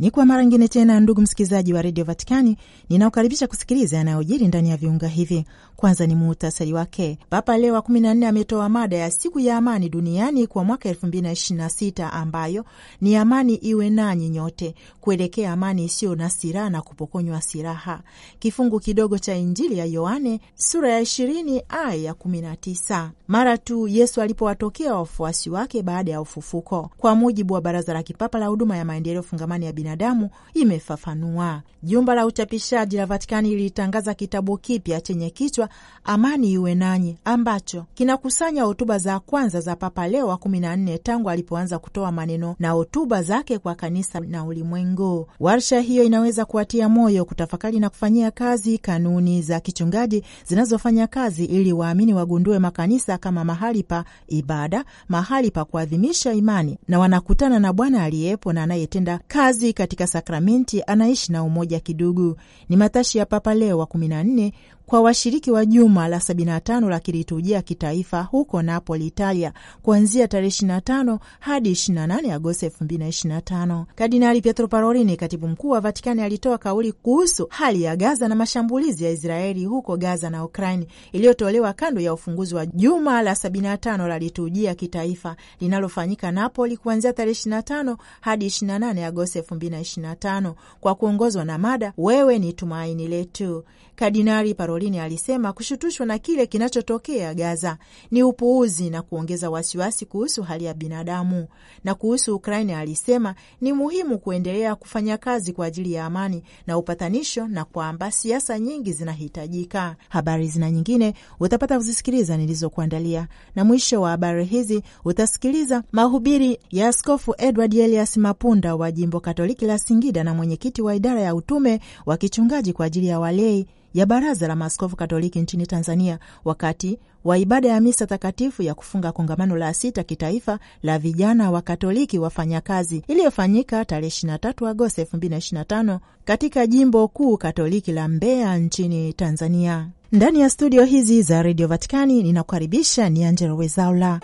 Ni kwa mara nyingine tena, ndugu msikilizaji wa redio Vatikani, ninaokaribisha kusikiliza yanayojiri ndani ya viunga hivi. Kwanza ni muhtasari wake. Papa Leo wa 14 ametoa mada ya siku ya amani duniani kwa mwaka 2026 ambayo ni amani iwe nanyi nyote, kuelekea amani isiyo na silaha na kupokonywa silaha, kifungu kidogo cha Injili ya Yohane sura ya 20 aya ya 19, mara tu Yesu alipowatokea wafuasi wake baada ya ufufuko. Kwa mujibu wa Baraza la Kipapa la Huduma ya Maendeleo Fungamani ya binadamu imefafanua. Jumba la uchapishaji la Vatikani lilitangaza kitabu kipya chenye kichwa Amani iwe nanyi, ambacho kinakusanya hotuba za kwanza za Papa Leo wa kumi na nne tangu alipoanza kutoa maneno na hotuba zake kwa kanisa na ulimwengu. Warsha hiyo inaweza kuwatia moyo kutafakari na kufanyia kazi kanuni za kichungaji zinazofanya kazi ili waamini wagundue makanisa kama mahali pa ibada, mahali pa kuadhimisha imani na wanakutana na Bwana aliyepo na anayetenda kazi katika sakramenti anaishi na umoja kidugu. Ni matashi ya Papa Leo wa 14 kwa washiriki wa juma la 75 la kiliturujia kitaifa huko Napoli, Italia, kuanzia tarehe 25 hadi 28 Agosti 2025. Kardinali Pietro Parolini, katibu mkuu wa Vatikani, alitoa kauli kuhusu hali ya Gaza na mashambulizi ya Israeli huko Gaza na Ukraini iliyotolewa kando ya ufunguzi wa juma la 75 la liturujia kitaifa linalofanyika Napoli kuanzia tarehe 25 hadi 28 Agosti 2025 kwa kuongozwa na mada wewe ni tumaini letu. Kardinali Parolini Caroline alisema kushutushwa na kile kinachotokea Gaza ni upuuzi na kuongeza wasiwasi kuhusu hali ya binadamu. Na kuhusu Ukraini alisema ni muhimu kuendelea kufanya kazi kwa ajili ya amani na upatanisho na kwamba siasa nyingi zinahitajika. Habari zina nyingine utapata kuzisikiliza nilizokuandalia, na mwisho wa habari hizi utasikiliza mahubiri ya Askofu Edward Elias Mapunda wa Jimbo Katoliki la Singida na mwenyekiti wa idara ya utume wa kichungaji kwa ajili ya walei ya Baraza la Maaskofu Katoliki nchini Tanzania wakati wa ibada ya misa takatifu ya kufunga kongamano la sita kitaifa la vijana wa Katoliki wafanyakazi iliyofanyika tarehe 23 Agosti 2025 katika jimbo kuu Katoliki la Mbeya nchini Tanzania. Ndani ya studio hizi za redio vaticani ninakukaribisha ni Angela Wezaula.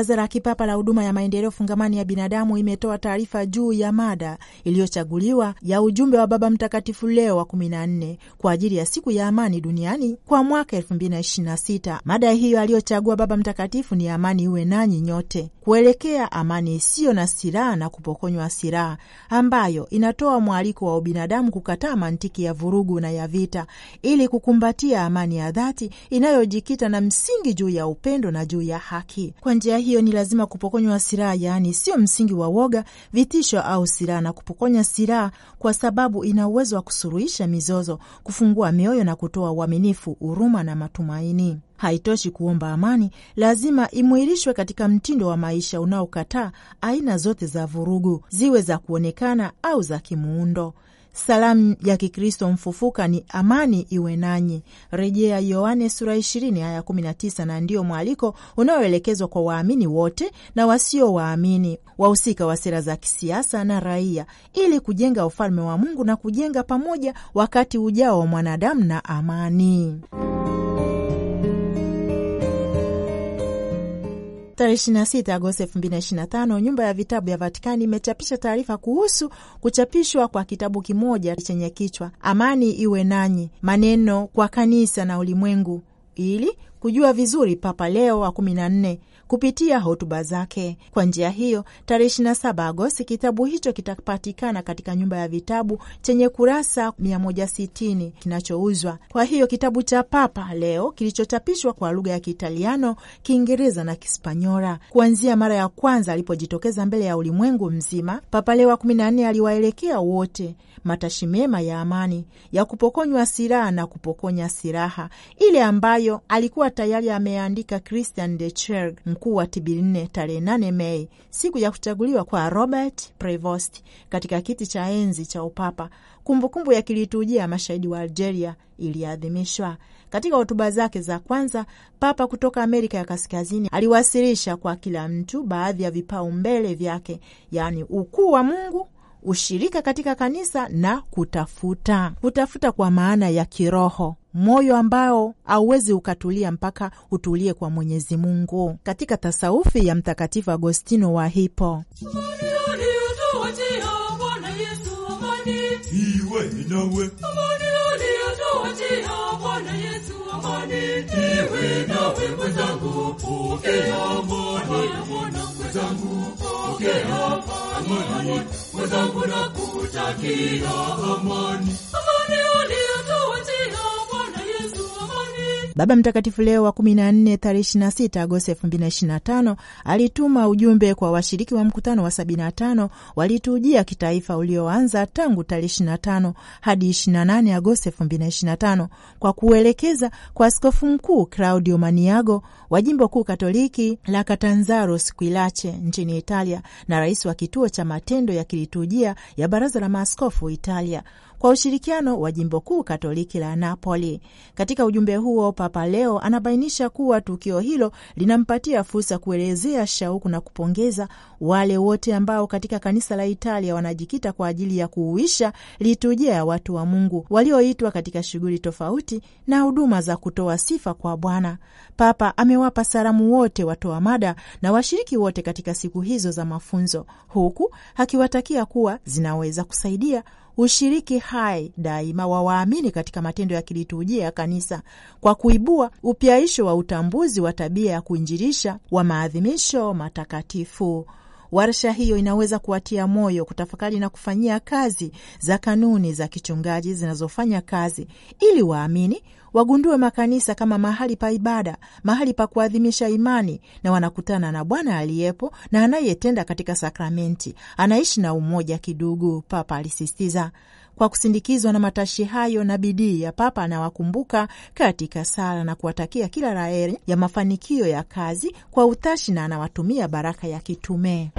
Baraza la Kipapa la Huduma ya Maendeleo Fungamani ya Binadamu imetoa taarifa juu ya mada iliyochaguliwa ya ujumbe wa Baba Mtakatifu Leo wa 14 kwa ajili ya siku ya amani duniani kwa mwaka 2026. Mada hiyo aliyochagua Baba Mtakatifu ni amani iwe nanyi nyote, kuelekea amani isiyo na silaha na kupokonywa silaha, ambayo inatoa mwaliko wa ubinadamu kukataa mantiki ya vurugu na ya vita ili kukumbatia amani ya dhati inayojikita na msingi juu ya upendo na juu ya haki. Kwa njia hii hiyo ni lazima kupokonywa silaha, yaani sio msingi wa woga, vitisho au silaha, na kupokonya silaha kwa sababu ina uwezo wa kusuluhisha mizozo, kufungua mioyo na kutoa uaminifu, huruma na matumaini. Haitoshi kuomba amani, lazima imwilishwe katika mtindo wa maisha unaokataa aina zote za vurugu, ziwe za kuonekana au za kimuundo. Salamu ya Kikristo mfufuka ni amani iwe nanyi, rejea Yohane sura ishirini aya 19. na Na ndiyo mwaliko unaoelekezwa kwa waamini wote na wasio waamini, wahusika wa sera za kisiasa na raia, ili kujenga ufalme wa Mungu na kujenga pamoja wakati ujao wa mwanadamu na amani. Tarehe 26 Agosti 2025 nyumba ya vitabu ya Vatikani imechapisha taarifa kuhusu kuchapishwa kwa kitabu kimoja chenye kichwa Amani iwe nanyi, maneno kwa kanisa na ulimwengu, ili kujua vizuri Papa Leo wa 14 kupitia hotuba zake. Kwa njia hiyo, tarehe 27 Agosti kitabu hicho kitapatikana katika nyumba ya vitabu chenye kurasa 160 kinachouzwa. Kwa hiyo kitabu cha Papa Leo kilichochapishwa kwa lugha ya Kiitaliano, Kiingereza na kispanyola kuanzia mara ya kwanza alipojitokeza mbele ya ulimwengu mzima, Papa Leo wa 14 aliwaelekea wote matashi mema ya amani ya kupokonywa silaha na kupokonya silaha ile ambayo alikuwa tayari ameandika Christian de Cherg mkuu wa Tibirinne tarehe 8 Mei, siku ya kuchaguliwa kwa Robert Prevost katika kiti cha enzi cha upapa. Kumbukumbu kumbu ya kiliturujia mashahidi wa Algeria iliadhimishwa. Katika hotuba zake za kwanza, papa kutoka Amerika ya Kaskazini aliwasilisha kwa kila mtu baadhi ya vipaumbele vyake, yaani ukuu wa Mungu ushirika katika kanisa na kutafuta kutafuta kwa maana ya kiroho moyo ambao hauwezi ukatulia mpaka utulie kwa Mwenyezi Mungu katika tasawufi ya Mtakatifu Agostino wa Hippo. Iwe amani, mwenzangu nakutakia amani, amani aliyotoa Baba Mtakatifu Leo wa 14 tarehe 26 Agosti 2025 alituma ujumbe kwa washiriki wa mkutano wa 75 walitujia kitaifa ulioanza tangu tarehe 25 hadi 28 Agosti 2025 kwa kuelekeza kwa Askofu Mkuu Claudio Maniago wa Jimbo Kuu Katoliki la Catanzaro Squilache nchini Italia na rais wa kituo cha matendo ya kiliturujia ya Baraza la Maaskofu Italia kwa ushirikiano wa jimbo kuu Katoliki la Napoli. Katika ujumbe huo, Papa Leo anabainisha kuwa tukio hilo linampatia fursa kuelezea shauku na kupongeza wale wote ambao katika kanisa la Italia wanajikita kwa ajili ya kuuisha liturujia ya watu wa Mungu walioitwa katika shughuli tofauti na huduma za kutoa sifa kwa Bwana. Papa amewapa salamu wote watoa mada na washiriki wote katika siku hizo za mafunzo, huku akiwatakia kuwa zinaweza kusaidia ushiriki hai daima wa waamini katika matendo ya kiliturujia ya kanisa kwa kuibua upyaisho wa utambuzi wa tabia ya kuinjirisha wa maadhimisho matakatifu. Warsha hiyo inaweza kuwatia moyo kutafakari na kufanyia kazi za kanuni za kichungaji zinazofanya kazi ili waamini wagundue makanisa kama mahali pa ibada, mahali pa kuadhimisha imani, na wanakutana na Bwana aliyepo na anayetenda katika sakramenti, anaishi na umoja kidugu, Papa alisisitiza. Kwa kusindikizwa na matashi hayo na bidii ya Papa, anawakumbuka katika sala na kuwatakia kila la heri ya mafanikio ya kazi kwa utashi, na anawatumia baraka ya kitume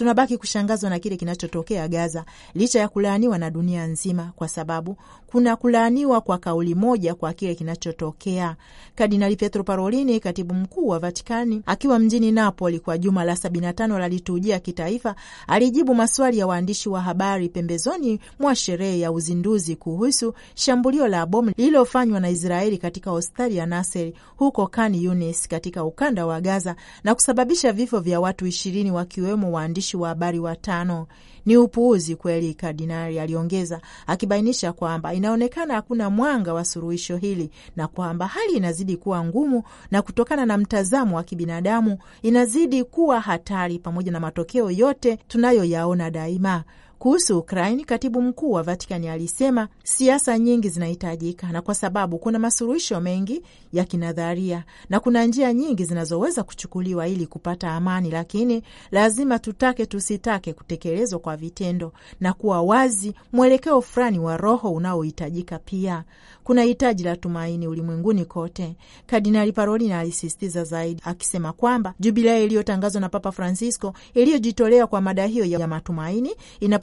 Tunabaki kushangazwa na kile kinachotokea Gaza licha ya kulaaniwa na dunia nzima, kwa sababu kuna kulaaniwa kwa kauli moja kwa kile kinachotokea. Kardinali petro Parolini, katibu mkuu wa Vatikani, akiwa mjini Napoli kwa juma la 75 la liturujia kitaifa, alijibu maswali ya waandishi wa habari pembezoni mwa sherehe ya uzinduzi kuhusu shambulio la bomu lililofanywa na Israeli katika hospitali ya naseri huko Khan Yunis katika ukanda wa Gaza na kusababisha vifo vya watu ishirini wakiwemo waandishi waandishi wa habari watano. Ni upuuzi kweli, kardinali aliongeza, akibainisha kwamba inaonekana hakuna mwanga wa suluhisho hili na kwamba hali inazidi kuwa ngumu na kutokana na mtazamo wa kibinadamu inazidi kuwa hatari, pamoja na matokeo yote tunayoyaona daima kuhusu Ukraini, katibu mkuu wa Vatikani alisema siasa nyingi zinahitajika, na kwa sababu kuna masuluhisho mengi ya kinadharia na kuna njia nyingi zinazoweza kuchukuliwa ili kupata amani, lakini lazima tutake tusitake kutekelezwa kwa vitendo na kuwa wazi mwelekeo fulani wa roho unaohitajika. Pia kuna hitaji la tumaini ulimwenguni kote, Kardinali Parolin alisisitiza zaidi akisema kwamba jubilei iliyotangazwa na Papa Francisco iliyojitolea kwa mada hiyo ya matumaini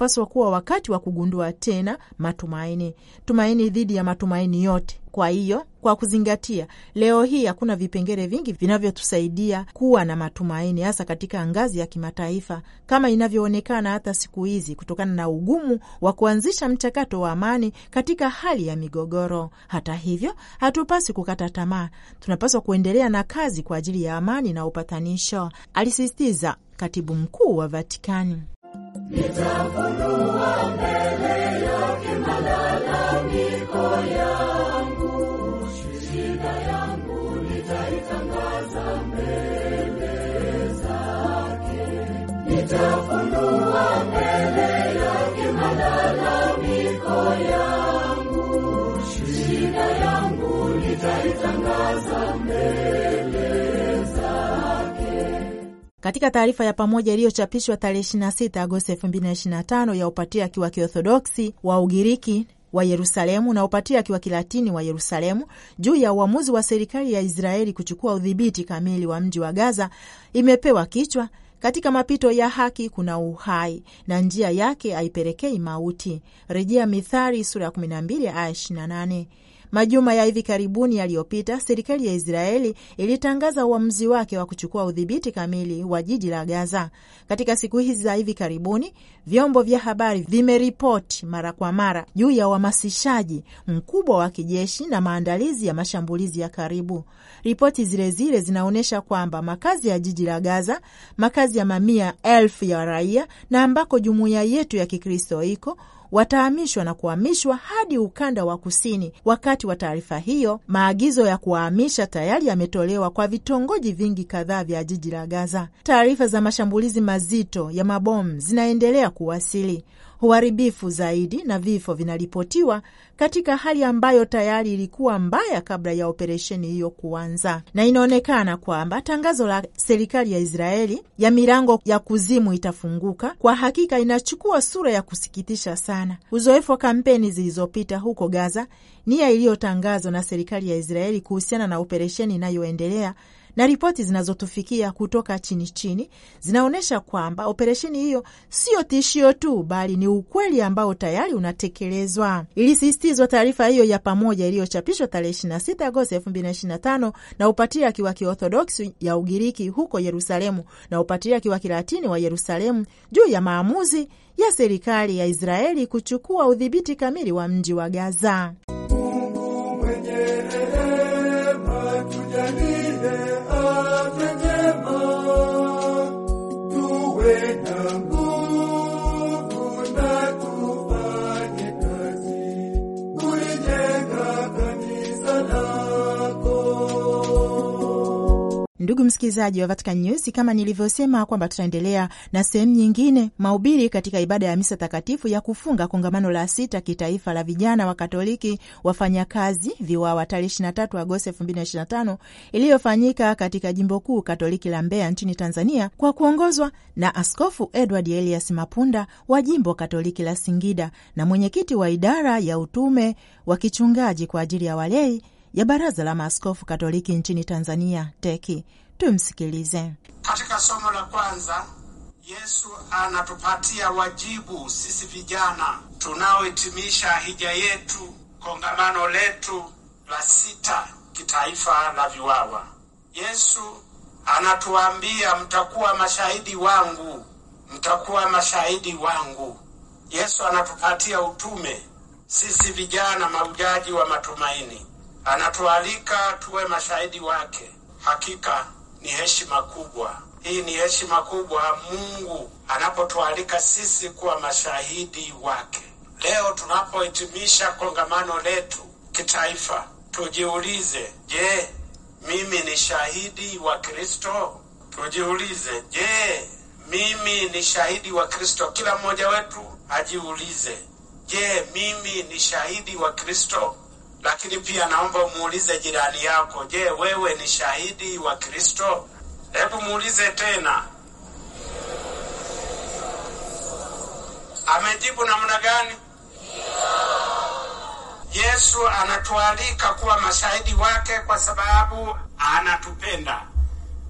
inapaswa kuwa wakati wa kugundua tena matumaini, tumaini dhidi ya matumaini yote. Kwa hiyo kwa kuzingatia, leo hii hakuna vipengele vingi vinavyotusaidia kuwa na matumaini, hasa katika ngazi ya kimataifa, kama inavyoonekana hata siku hizi, kutokana na ugumu wa kuanzisha mchakato wa amani katika hali ya migogoro. Hata hivyo, hatupasi kukata tamaa, tunapaswa kuendelea na kazi kwa ajili ya amani na upatanisho, alisisitiza katibu mkuu wa Vatikani nitafunua mbele yake malalamiko yangu. Katika taarifa ya pamoja iliyochapishwa tarehe 26 Agosti 2025 ya upatriaki wa Kiorthodoksi wa Ugiriki wa Yerusalemu na upatriaki wa Kilatini wa Yerusalemu juu ya uamuzi wa serikali ya Israeli kuchukua udhibiti kamili wa mji wa Gaza imepewa kichwa katika mapito ya haki kuna uhai na njia yake haipelekei mauti, rejea Mithali sura ya 12 aya 28. Majuma ya hivi karibuni yaliyopita, serikali ya Israeli ilitangaza uamuzi wake wa kuchukua udhibiti kamili wa jiji la Gaza. Katika siku hizi za hivi karibuni, vyombo vya habari vimeripoti mara kwa mara juu ya uhamasishaji mkubwa wa kijeshi na maandalizi ya mashambulizi ya karibu. Ripoti zile zile zinaonyesha kwamba makazi ya jiji la Gaza, makazi ya mamia elfu ya raia na ambako jumuiya yetu ya Kikristo iko watahamishwa na kuhamishwa hadi ukanda wa kusini. Wakati wa taarifa hiyo, maagizo ya kuwahamisha tayari yametolewa kwa vitongoji vingi kadhaa vya jiji la Gaza. Taarifa za mashambulizi mazito ya mabomu zinaendelea kuwasili uharibifu zaidi na vifo vinaripotiwa katika hali ambayo tayari ilikuwa mbaya kabla ya operesheni hiyo kuanza, na inaonekana kwamba tangazo la serikali ya Israeli ya milango ya kuzimu itafunguka kwa hakika inachukua sura ya kusikitisha sana. Uzoefu wa kampeni zilizopita huko Gaza, nia iliyotangazwa na serikali ya Israeli kuhusiana na operesheni inayoendelea na ripoti zinazotufikia kutoka chini chini zinaonyesha kwamba operesheni hiyo siyo tishio tu, bali ni ukweli ambao tayari unatekelezwa, ilisisitizwa taarifa hiyo ya pamoja iliyochapishwa tarehe 26 Agosti 2025 na Upatriaki wa Kiorthodoksi ya Ugiriki huko Yerusalemu na Upatriaki wa Kilatini wa Yerusalemu juu ya maamuzi ya serikali ya Israeli kuchukua udhibiti kamili wa mji wa Gaza. Ndugu msikilizaji wa Vatican News, kama nilivyosema kwamba tutaendelea na sehemu nyingine mahubiri katika ibada ya misa takatifu ya kufunga kongamano la sita kitaifa la vijana wa Katoliki wafanyakazi VIWAWA tarehe 23 Agosti 2025 iliyofanyika katika jimbo kuu Katoliki la Mbeya nchini Tanzania kwa kuongozwa na Askofu Edward Elias Mapunda wa jimbo Katoliki la Singida na mwenyekiti wa idara ya utume wa kichungaji kwa ajili ya walei ya Baraza la Maaskofu Katoliki nchini Tanzania, teki Tumsikilize. Katika somo la kwanza, Yesu anatupatia wajibu sisi vijana tunaohitimisha hija yetu, kongamano letu la sita kitaifa la Viwawa. Yesu anatuambia mtakuwa mashahidi wangu, mtakuwa mashahidi wangu. Yesu anatupatia utume sisi vijana, maujaji wa matumaini. Anatualika tuwe mashahidi wake. Hakika ni heshima kubwa hii, ni heshima kubwa Mungu anapotualika sisi kuwa mashahidi wake. Leo tunapohitimisha kongamano letu kitaifa, tujiulize, je, mimi ni shahidi wa Kristo? Tujiulize, je, mimi ni shahidi wa Kristo? Kila mmoja wetu ajiulize, je, mimi ni shahidi wa Kristo? Lakini pia naomba umuulize jirani yako, je, wewe ni shahidi wa Kristo? Hebu muulize tena, amejibu namna gani? Yesu anatualika kuwa mashahidi wake kwa sababu anatupenda.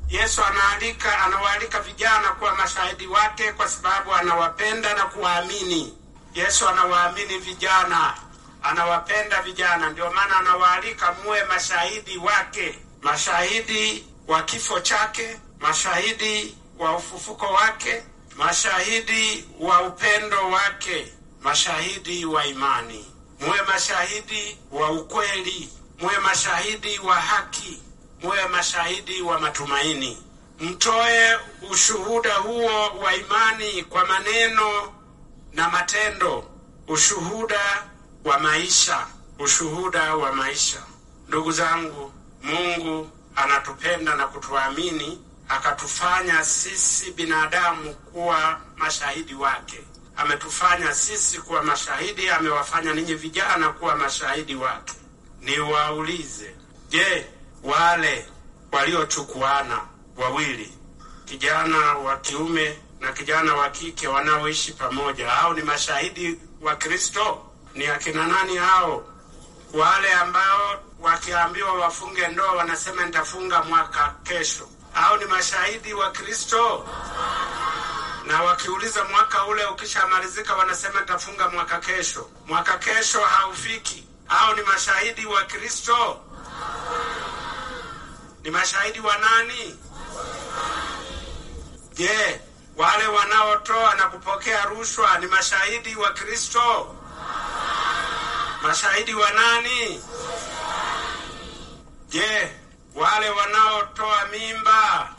Yesu anaalika, anawaalika vijana kuwa mashahidi wake kwa sababu anawapenda na kuwaamini. Yesu anawaamini vijana anawapenda vijana, ndio maana anawaalika muwe mashahidi wake, mashahidi wa kifo chake, mashahidi wa ufufuko wake, mashahidi wa upendo wake, mashahidi wa imani. Muwe mashahidi wa ukweli, muwe mashahidi wa haki, muwe mashahidi wa matumaini. Mtoe ushuhuda huo wa imani kwa maneno na matendo, ushuhuda wa maisha, ushuhuda wa maisha. Ndugu zangu, Mungu anatupenda na kutuamini akatufanya sisi binadamu kuwa mashahidi wake. Ametufanya sisi kuwa mashahidi, amewafanya ninyi vijana kuwa mashahidi wake. Niwaulize, je, wale waliochukuana wawili, kijana wa kiume na kijana wa kike wanaoishi pamoja, hao ni mashahidi wa Kristo? ni akina nani hao? Wale ambao wakiambiwa wafunge ndoa wanasema nitafunga mwaka kesho, au ni mashahidi wa Kristo? Na wakiuliza mwaka ule ukishamalizika, wanasema nitafunga mwaka kesho. Mwaka kesho haufiki, au ni mashahidi wa Kristo? Ni mashahidi wa nani? Je, wale wanaotoa na kupokea rushwa ni mashahidi wa Kristo? Mashahidi wa nani? Je, wale wanaotoa mimba?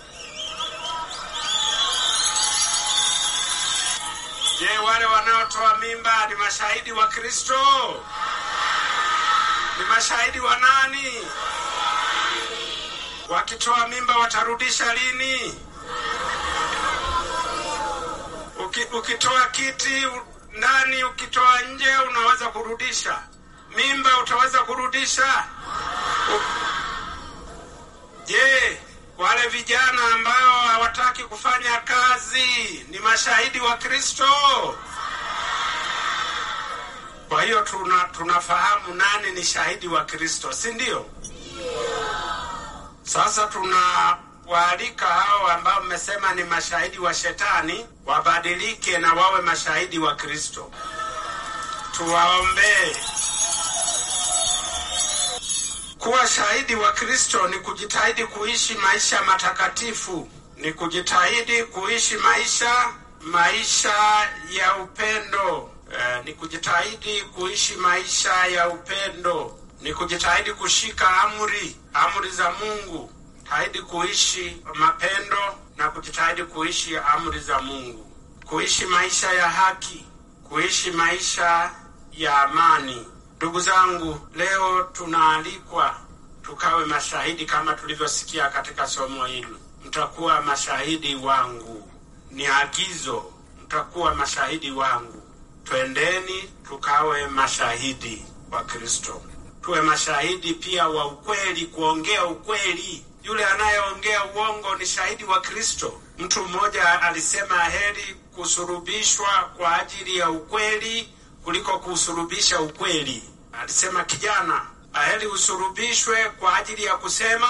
Je, wale wanaotoa mimba ni mashahidi wa Kristo? Ni mashahidi wa nani? Wakitoa mimba watarudisha lini? Uki, ukitoa kiti ndani, ukitoa nje, unaweza kurudisha mimba utaweza kurudisha? Je, wale vijana ambao hawataki kufanya kazi ni mashahidi wa Kristo? Kwa hiyo tuna, tunafahamu nani ni shahidi wa Kristo, si ndio? Sasa tunawaalika hao ambao mmesema ni mashahidi wa shetani wabadilike na wawe mashahidi wa Kristo. Tuwaombee. Kuwa shahidi wa Kristo ni kujitahidi kuishi maisha matakatifu, ni kujitahidi kuishi maisha maisha ya upendo e, ni kujitahidi kuishi maisha ya upendo, ni kujitahidi kushika amri amri za Mungu, tahidi kuishi mapendo na kujitahidi kuishi amri za Mungu, kuishi maisha ya haki, kuishi maisha ya amani. Ndugu zangu, leo tunaalikwa tukawe mashahidi kama tulivyosikia katika somo hili. Mtakuwa mashahidi wangu, ni agizo, mtakuwa mashahidi wangu. Twendeni tukawe mashahidi wa Kristo, tuwe mashahidi pia wa ukweli, kuongea ukweli. Yule anayeongea uongo ni shahidi wa Kristo. Mtu mmoja alisema, heri kusurubishwa kwa ajili ya ukweli kuliko kuusulubisha ukweli. Alisema kijana, aheri usulubishwe kwa ajili ya kusema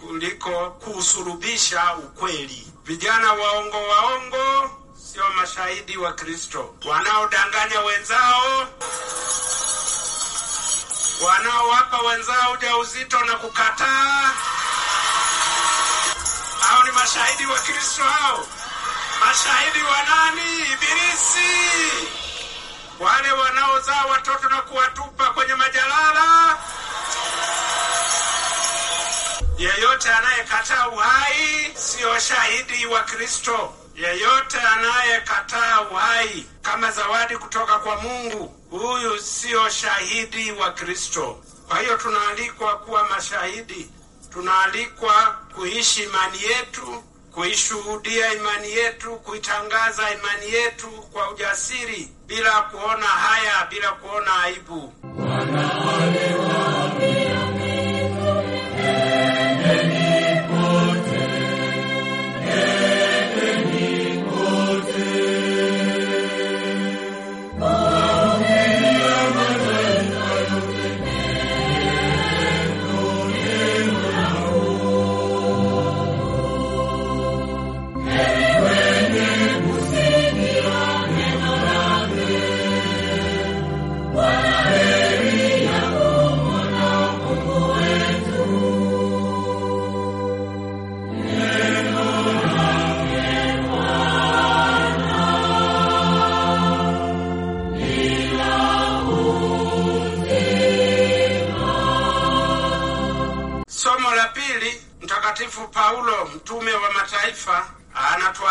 kuliko kuusulubisha ukweli. Vijana waongo waongo sio mashahidi wa Kristo, wanaodanganya wenzao, wanaowapa wenzao ujauzito na kukataa. Hao ni mashahidi wa Kristo, hao mashahidi wa nani? Ibilisi wale wanaozaa watoto na kuwatupa kwenye majalala. Yeyote anayekataa uhai siyo shahidi wa Kristo. Yeyote anayekataa uhai kama zawadi kutoka kwa Mungu, huyu siyo shahidi wa Kristo. Kwa hiyo tunaalikwa kuwa mashahidi, tunaalikwa kuishi imani yetu kuishuhudia imani yetu, kuitangaza imani yetu kwa ujasiri, bila kuona haya, bila kuona aibu. wale.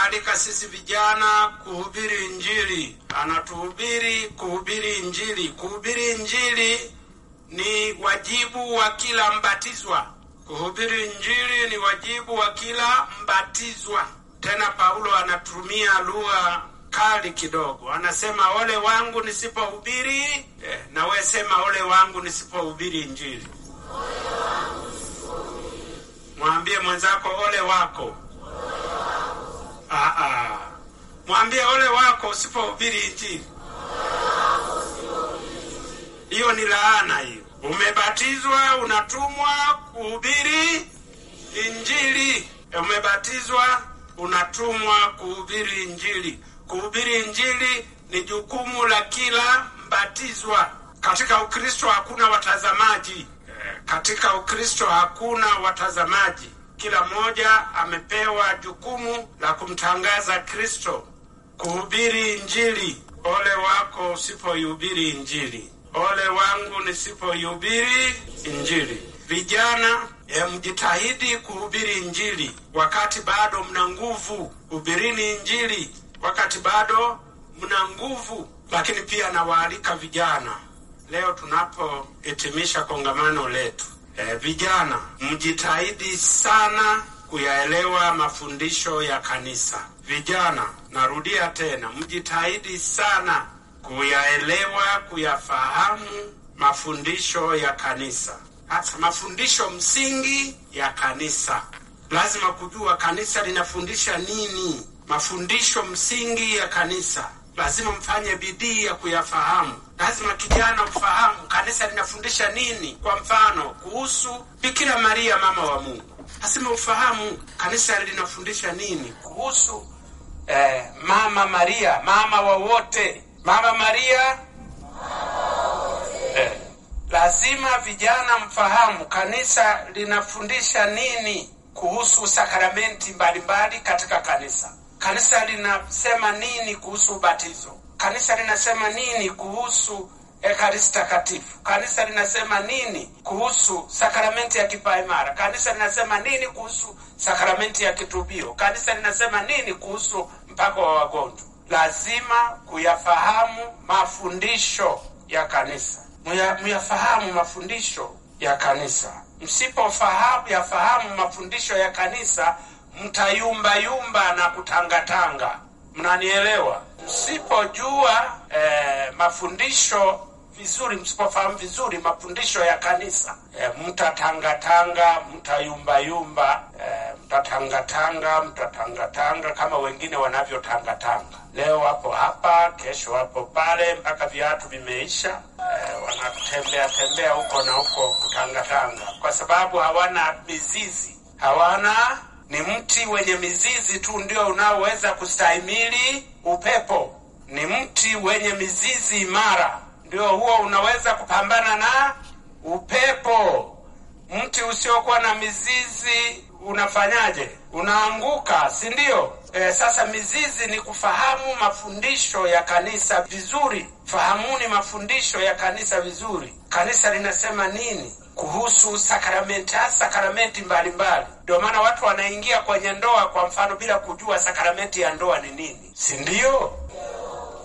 ametualika sisi vijana kuhubiri Injili, anatuhubiri kuhubiri Injili. Kuhubiri Injili ni wajibu wa kila mbatizwa. Kuhubiri Injili ni wajibu wa kila mbatizwa. Tena Paulo anatumia lugha kali kidogo, anasema ole wangu nisipohubiri eh, na we sema ole wangu nisipohubiri Injili. Mwambie mwenzako ole wako, ole wako. Aa, ah, ah. mwambie ole wako usipohubiri Injili. Hiyo ni laana hiyo. Umebatizwa, unatumwa kuhubiri Injili. Umebatizwa, unatumwa kuhubiri Injili. Kuhubiri Injili ni jukumu la kila mbatizwa. Katika Ukristo hakuna watazamaji. Eh, katika Ukristo hakuna watazamaji kila mmoja amepewa jukumu la kumtangaza Kristo, kuhubiri Injili. Ole wako usipoihubiri Injili, ole wangu nisipoihubiri Injili. Vijana, mjitahidi kuhubiri Injili wakati bado mna nguvu. Hubirini Injili wakati bado mna nguvu. Lakini pia nawaalika vijana, leo tunapohitimisha kongamano letu E, vijana mjitahidi sana kuyaelewa mafundisho ya kanisa. Vijana, narudia tena, mjitahidi sana kuyaelewa, kuyafahamu mafundisho ya kanisa, hasa mafundisho msingi ya kanisa. Lazima kujua kanisa linafundisha nini. Mafundisho msingi ya kanisa lazima mfanye bidii ya kuyafahamu lazima kijana ufahamu kanisa linafundisha nini. Kwa mfano kuhusu Bikira Maria mama wa Mungu, lazima ufahamu kanisa linafundisha nini kuhusu eh, mama Maria mama wa wote, mama Maria eh, lazima vijana mfahamu kanisa linafundisha nini kuhusu sakramenti mbalimbali katika kanisa. Kanisa linasema nini kuhusu ubatizo Kanisa linasema nini kuhusu Ekaristi Takatifu? Kanisa linasema nini kuhusu sakramenti ya kipaimara? Kanisa linasema nini kuhusu sakramenti ya kitubio? Kanisa linasema nini kuhusu mpako wa wagonjwa? Lazima kuyafahamu mafundisho ya kanisa, muyafahamu mafundisho ya kanisa. Msipofahamu yafahamu mafundisho ya kanisa, mtayumbayumba na kutangatanga. Mnanielewa? Msipojua eh, mafundisho vizuri, msipofahamu vizuri mafundisho ya kanisa eh, mtatangatanga, mtayumbayumba eh, mtatangatanga, mtatangatanga kama wengine wanavyotangatanga. Leo wapo hapa, kesho wapo pale, mpaka viatu vimeisha eh, wanatembea tembea huko na huko kutangatanga, kwa sababu hawana mizizi, hawana ni mti wenye mizizi tu ndio unaoweza kustahimili upepo. Ni mti wenye mizizi imara, ndio huo unaweza kupambana na upepo. Mti usiokuwa na mizizi unafanyaje? Unaanguka, si ndio? E, sasa mizizi ni kufahamu mafundisho ya kanisa vizuri. Fahamuni mafundisho ya kanisa vizuri. Kanisa linasema nini? kuhusu sakramenti, sakramenti mbalimbali. Ndio maana watu wanaingia kwenye ndoa, kwa mfano, bila kujua sakramenti ya ndoa ni nini, si ndio?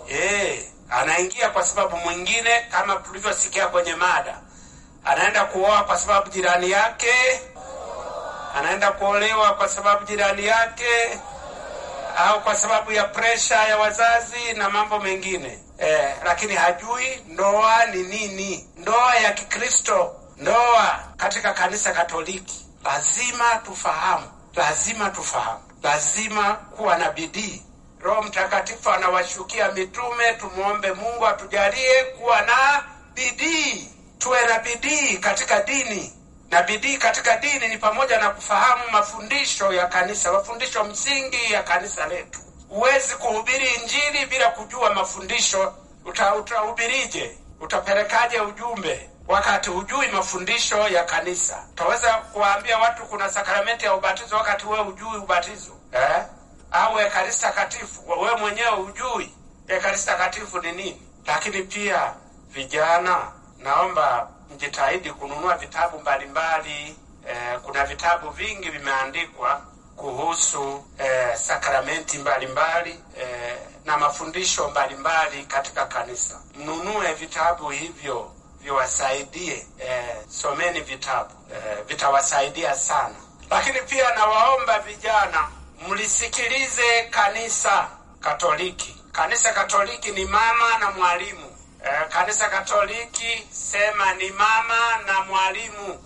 Eh, anaingia kwa sababu mwingine, kama tulivyosikia kwenye mada, anaenda kuoa kwa sababu jirani yake, anaenda kuolewa kwa sababu jirani yake, au kwa sababu ya presha ya wazazi na mambo mengine eh, lakini hajui ndoa ni nini, ndoa ya Kikristo ndoa katika kanisa Katoliki, lazima tufahamu, lazima tufahamu, lazima kuwa na bidii. Roho Mtakatifu anawashukia mitume, tumwombe Mungu atujalie kuwa na bidii, tuwe na bidii katika dini. Na bidii katika dini ni pamoja na kufahamu mafundisho ya kanisa, mafundisho msingi ya kanisa letu. Huwezi kuhubiri Injili bila kujua mafundisho. Uta, utahubirije? Utapelekaje ujumbe? wakati hujui mafundisho ya kanisa. Utaweza kuwaambia watu kuna sakramenti ya ubatizo wakati wewe hujui ubatizo eh? au ekaristi takatifu wewe mwenyewe hujui ekaristi takatifu ni nini? Lakini pia vijana, naomba mjitahidi kununua vitabu mbalimbali eh, kuna vitabu vingi vimeandikwa kuhusu eh, sakramenti mbalimbali eh, na mafundisho mbalimbali katika kanisa. Mnunue vitabu hivyo viwasaidie. Eh, someni vitabu eh, vitawasaidia sana. Lakini pia nawaomba vijana mlisikilize kanisa Katoliki. Kanisa Katoliki ni mama na mwalimu. Eh, kanisa Katoliki sema ni mama na mwalimu.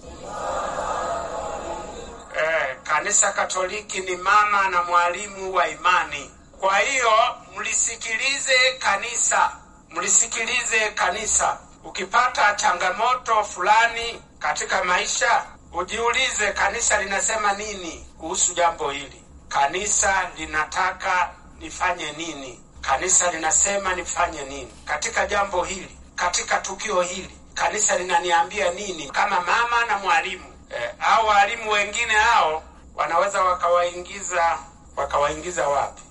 Eh, kanisa Katoliki ni mama na mwalimu wa imani. Kwa hiyo mlisikilize kanisa, mlisikilize kanisa. Ukipata changamoto fulani katika maisha, ujiulize kanisa linasema nini kuhusu jambo hili? Kanisa linataka nifanye nini? Kanisa linasema nifanye nini katika jambo hili, katika tukio hili? Kanisa linaniambia nini kama mama na mwalimu eh? Au walimu wengine hao wanaweza wakawaingiza wakawaingiza wapi?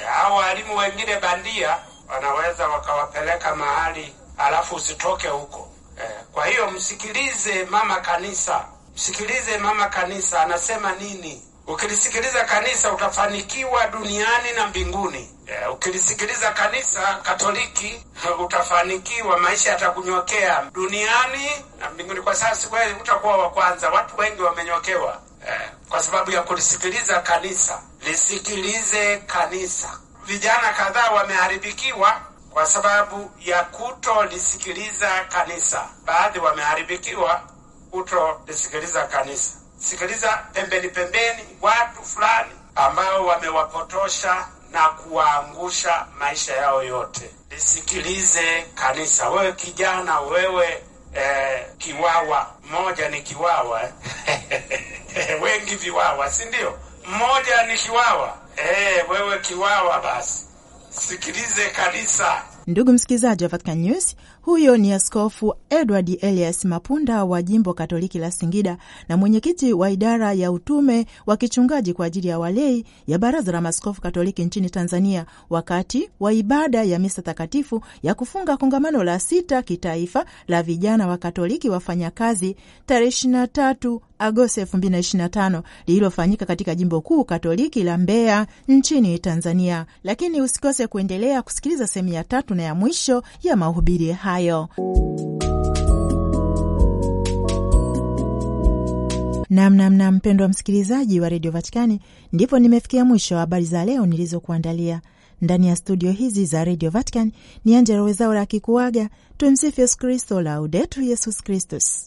E, au walimu wengine bandia wanaweza wakawapeleka mahali alafu usitoke huko eh. Kwa hiyo msikilize mama kanisa, msikilize mama kanisa anasema nini. Ukilisikiliza kanisa utafanikiwa duniani na mbinguni. Eh, ukilisikiliza kanisa Katoliki utafanikiwa, maisha yatakunyokea duniani na mbinguni. Kwa sasa kweli utakuwa wa kwanza, watu wengi wamenyokewa eh, kwa sababu ya kulisikiliza kanisa. Lisikilize kanisa. Vijana kadhaa wameharibikiwa kwa sababu ya kutolisikiliza kanisa. Baadhi wameharibikiwa kutolisikiliza kanisa. Sikiliza pembeni pembeni, watu fulani ambao wamewapotosha na kuwaangusha maisha yao yote. Lisikilize kanisa. Wewe kijana, wewe eh, kiwawa mmoja ni kiwawa eh. wengi viwawa, si ndio? Mmoja ni kiwawa eh, wewe kiwawa basi sikilize kanisa. Ndugu msikilizaji wa Vatican News, huyo ni Askofu Edward Elias Mapunda wa jimbo Katoliki la Singida na mwenyekiti wa idara ya utume wa kichungaji kwa ajili ya walei ya Baraza la maskofu Katoliki nchini Tanzania, wakati wa ibada ya misa takatifu ya kufunga kongamano la sita kitaifa la vijana wa Katoliki wafanyakazi tarehe 23 Agosti 2025 lililofanyika katika jimbo kuu katoliki la Mbeya nchini Tanzania. Lakini usikose kuendelea kusikiliza sehemu ya tatu na ya mwisho ya mahubiri hayo. Namnamna mpendwa msikilizaji wa redio Vatikani, ndipo nimefikia mwisho wa habari za leo nilizokuandalia ndani ya studio hizi za redio vatican Ni Angela Wezaura akikuaga. Tumsifu Yesu Kristo, laudetu Yesus Kristus.